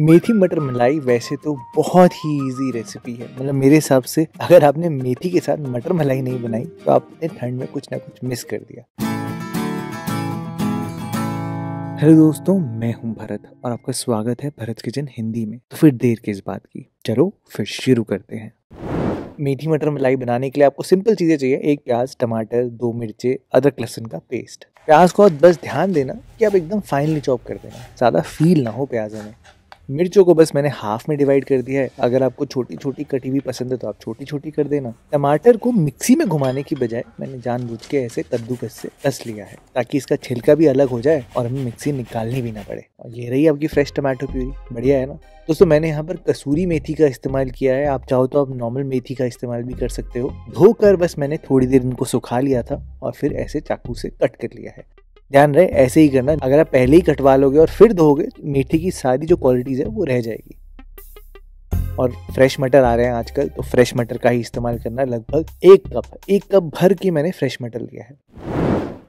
मेथी मटर मलाई वैसे तो बहुत ही इजी रेसिपी है मतलब मेरे हिसाब से अगर आपने मेथी के साथ मटर मलाई नहीं बनाई तो आपने ठंड में कुछ ना कुछ मिस कर दिया हेलो दोस्तों मैं हूं भरत और आपका स्वागत है भरत किचन हिंदी में तो फिर देर किस बात की चलो फिर शुरू करते हैं मीठी मटर मलाई बनाने के लिए आपको सिंपल चीज़ें चाहिए एक प्याज टमाटर दो मिर्चे अदरक लहसुन का पेस्ट प्याज को बस ध्यान देना कि आप एकदम फाइनली चॉप कर देना ज़्यादा फील ना हो प्याज में मिर्चों को बस मैंने हाफ में डिवाइड कर दिया है अगर आपको छोटी छोटी कटी हुई पसंद है तो आप छोटी छोटी कर देना टमाटर को मिक्सी में घुमाने की बजाय मैंने जानबूझ के ऐसे कद्दूकस से कस लिया है ताकि इसका छिलका भी अलग हो जाए और हमें मिक्सी निकालनी भी ना पड़े और ये रही आपकी फ्रेश टमाटो प्यूरी बढ़िया है ना दोस्तों मैंने यहाँ पर कसूरी मेथी का इस्तेमाल किया है आप चाहो तो आप नॉर्मल मेथी का इस्तेमाल भी कर सकते हो धोकर बस मैंने थोड़ी देर इनको सुखा लिया था और फिर ऐसे चाकू से कट कर लिया है ध्यान रहे ऐसे ही करना अगर आप पहले ही कटवा लोगे और फिर धोगे तो मेथी की सारी जो क्वालिटीज़ है वो रह जाएगी और फ्रेश मटर आ रहे हैं आजकल तो फ्रेश मटर का ही इस्तेमाल करना लगभग एक कप एक कप भर के मैंने फ्रेश मटर लिया है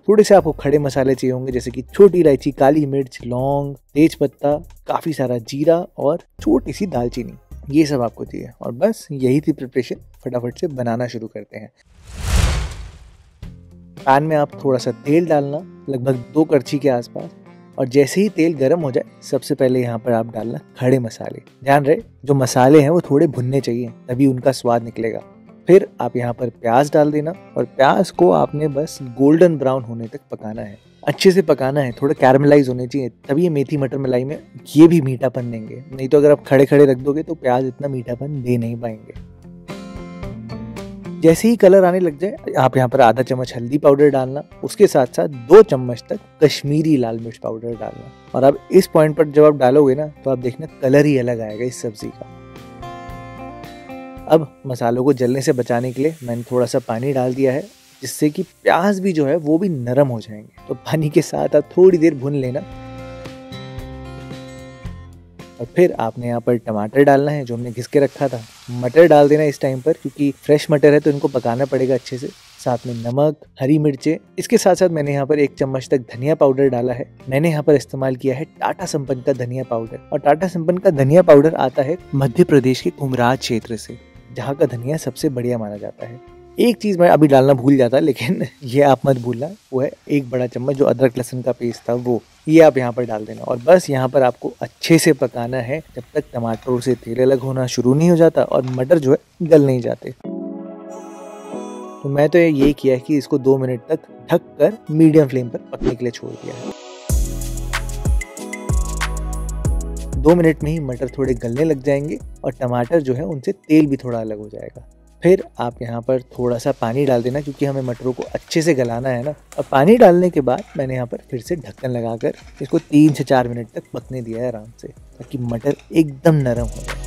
थोड़े से आपको खड़े मसाले चाहिए होंगे जैसे कि छोटी इलायची काली मिर्च लौंग तेज पत्ता काफ़ी सारा जीरा और छोटी सी दालचीनी ये सब आपको चाहिए और बस यही थी प्रिपरेशन फटाफट से बनाना शुरू करते हैं पैन में आप थोड़ा सा तेल डालना लगभग दो करछी के आसपास और जैसे ही तेल गर्म हो जाए सबसे पहले यहाँ पर आप डालना खड़े मसाले ध्यान रहे जो मसाले हैं वो थोड़े भुनने चाहिए तभी उनका स्वाद निकलेगा फिर आप यहाँ पर प्याज डाल देना और प्याज को आपने बस गोल्डन ब्राउन होने तक पकाना है अच्छे से पकाना है थोड़ा कैरमलाइज होने चाहिए तभी ये मेथी मटर मलाई में ये भी मीठापन देंगे नहीं तो अगर आप खड़े खड़े रख दोगे तो प्याज इतना मीठापन दे नहीं पाएंगे जैसे ही कलर आने लग जाए आप यहाँ पर आधा चम्मच हल्दी पाउडर डालना उसके साथ साथ दो चम्मच तक कश्मीरी लाल मिर्च पाउडर डालना और अब इस पॉइंट पर जब आप डालोगे ना तो आप देखना कलर ही अलग आएगा इस सब्जी का अब मसालों को जलने से बचाने के लिए मैंने थोड़ा सा पानी डाल दिया है जिससे कि प्याज भी जो है वो भी नरम हो जाएंगे तो पानी के साथ आप थोड़ी देर भून लेना और फिर आपने यहाँ पर टमाटर डालना है जो हमने घिस के रखा था मटर डाल देना इस टाइम पर क्योंकि फ्रेश मटर है तो इनको पकाना पड़ेगा अच्छे से साथ में नमक हरी मिर्चें इसके साथ साथ मैंने यहाँ पर एक चम्मच तक धनिया पाउडर डाला है मैंने यहाँ पर इस्तेमाल किया है टाटा संपन्न का धनिया पाउडर और टाटा संपन्न का धनिया पाउडर आता है मध्य प्रदेश के कुमराज क्षेत्र से जहाँ का धनिया सबसे बढ़िया माना जाता है एक चीज़ मैं अभी डालना भूल जाता लेकिन ये आप मत भूलना वो है एक बड़ा चम्मच जो अदरक लहसुन का पेस्ट था वो ये आप यहाँ पर डाल देना और बस यहाँ पर आपको अच्छे से पकाना है जब तक टमाटरों से तेल अलग होना शुरू नहीं हो जाता और मटर जो है गल नहीं जाते तो मैं तो ये किया कि इसको दो मिनट तक ढक कर मीडियम फ्लेम पर पकने के लिए छोड़ दिया है दो मिनट में ही मटर थोड़े गलने लग जाएंगे और टमाटर जो है उनसे तेल भी थोड़ा अलग हो जाएगा फिर आप यहाँ पर थोड़ा सा पानी डाल देना क्योंकि हमें मटरों को अच्छे से गलाना है ना अब पानी डालने के बाद मैंने यहाँ पर फिर से ढक्कन लगाकर इसको तीन से चार मिनट तक पकने दिया है आराम से ताकि मटर एकदम नरम हो जाए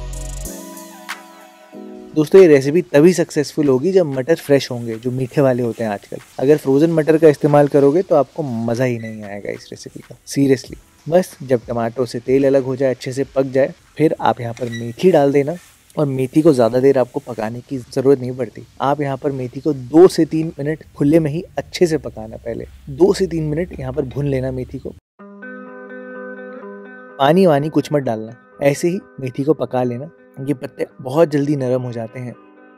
दोस्तों ये रेसिपी तभी सक्सेसफुल होगी जब मटर फ्रेश होंगे जो मीठे वाले होते हैं आजकल अगर फ्रोजन मटर का इस्तेमाल करोगे तो आपको मज़ा ही नहीं आएगा इस रेसिपी का सीरियसली बस जब टमाटो से तेल अलग हो जाए अच्छे से पक जाए फिर आप यहाँ पर मेथी डाल देना और मेथी को ज़्यादा देर आपको पकाने की ज़रूरत नहीं पड़ती आप यहाँ पर मेथी को दो से तीन मिनट खुले में ही अच्छे से पकाना पहले दो से तीन मिनट यहाँ पर भून लेना मेथी को पानी वानी कुछ मत डालना ऐसे ही मेथी को पका लेना ये पत्ते बहुत जल्दी नरम हो जाते हैं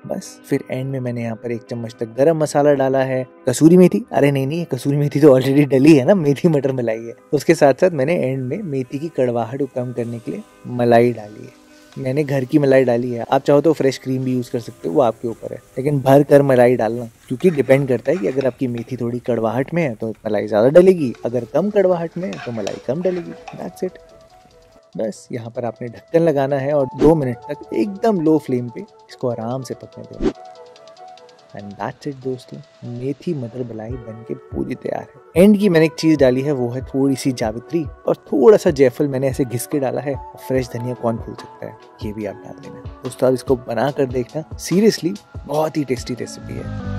बस फिर एंड में मैंने यहाँ पर एक चम्मच तक गरम मसाला डाला है कसूरी मेथी अरे नहीं नहीं कसूरी मेथी तो ऑलरेडी डली है ना मेथी मटर मलाई है उसके साथ साथ मैंने एंड में मेथी की कड़वाहट को कम करने के लिए मलाई डाली है मैंने घर की मलाई डाली है आप चाहो तो फ्रेश क्रीम भी यूज़ कर सकते हो वो आपके ऊपर है लेकिन भर कर मलाई डालना क्योंकि डिपेंड करता है कि अगर आपकी मेथी थोड़ी कड़वाहट में है तो मलाई ज़्यादा डलेगी अगर कम कड़वाहट में है तो मलाई कम डलेगी दैट्स इट बस यहाँ पर आपने ढक्कन लगाना है और दो मिनट तक एकदम लो फ्लेम पे इसको आराम से पकने देना एंड दैट्स इट दोस्तों मेथी मटर बलाई बन के पूरी तैयार है एंड की मैंने एक चीज़ डाली है वो है थोड़ी सी जावित्री और थोड़ा सा जयफल मैंने ऐसे घिस के डाला है और फ्रेश धनिया कौन भूल सकता है ये भी आप डाल देना दोस्तों आप इसको बना कर देखना सीरियसली बहुत ही टेस्टी रेसिपी है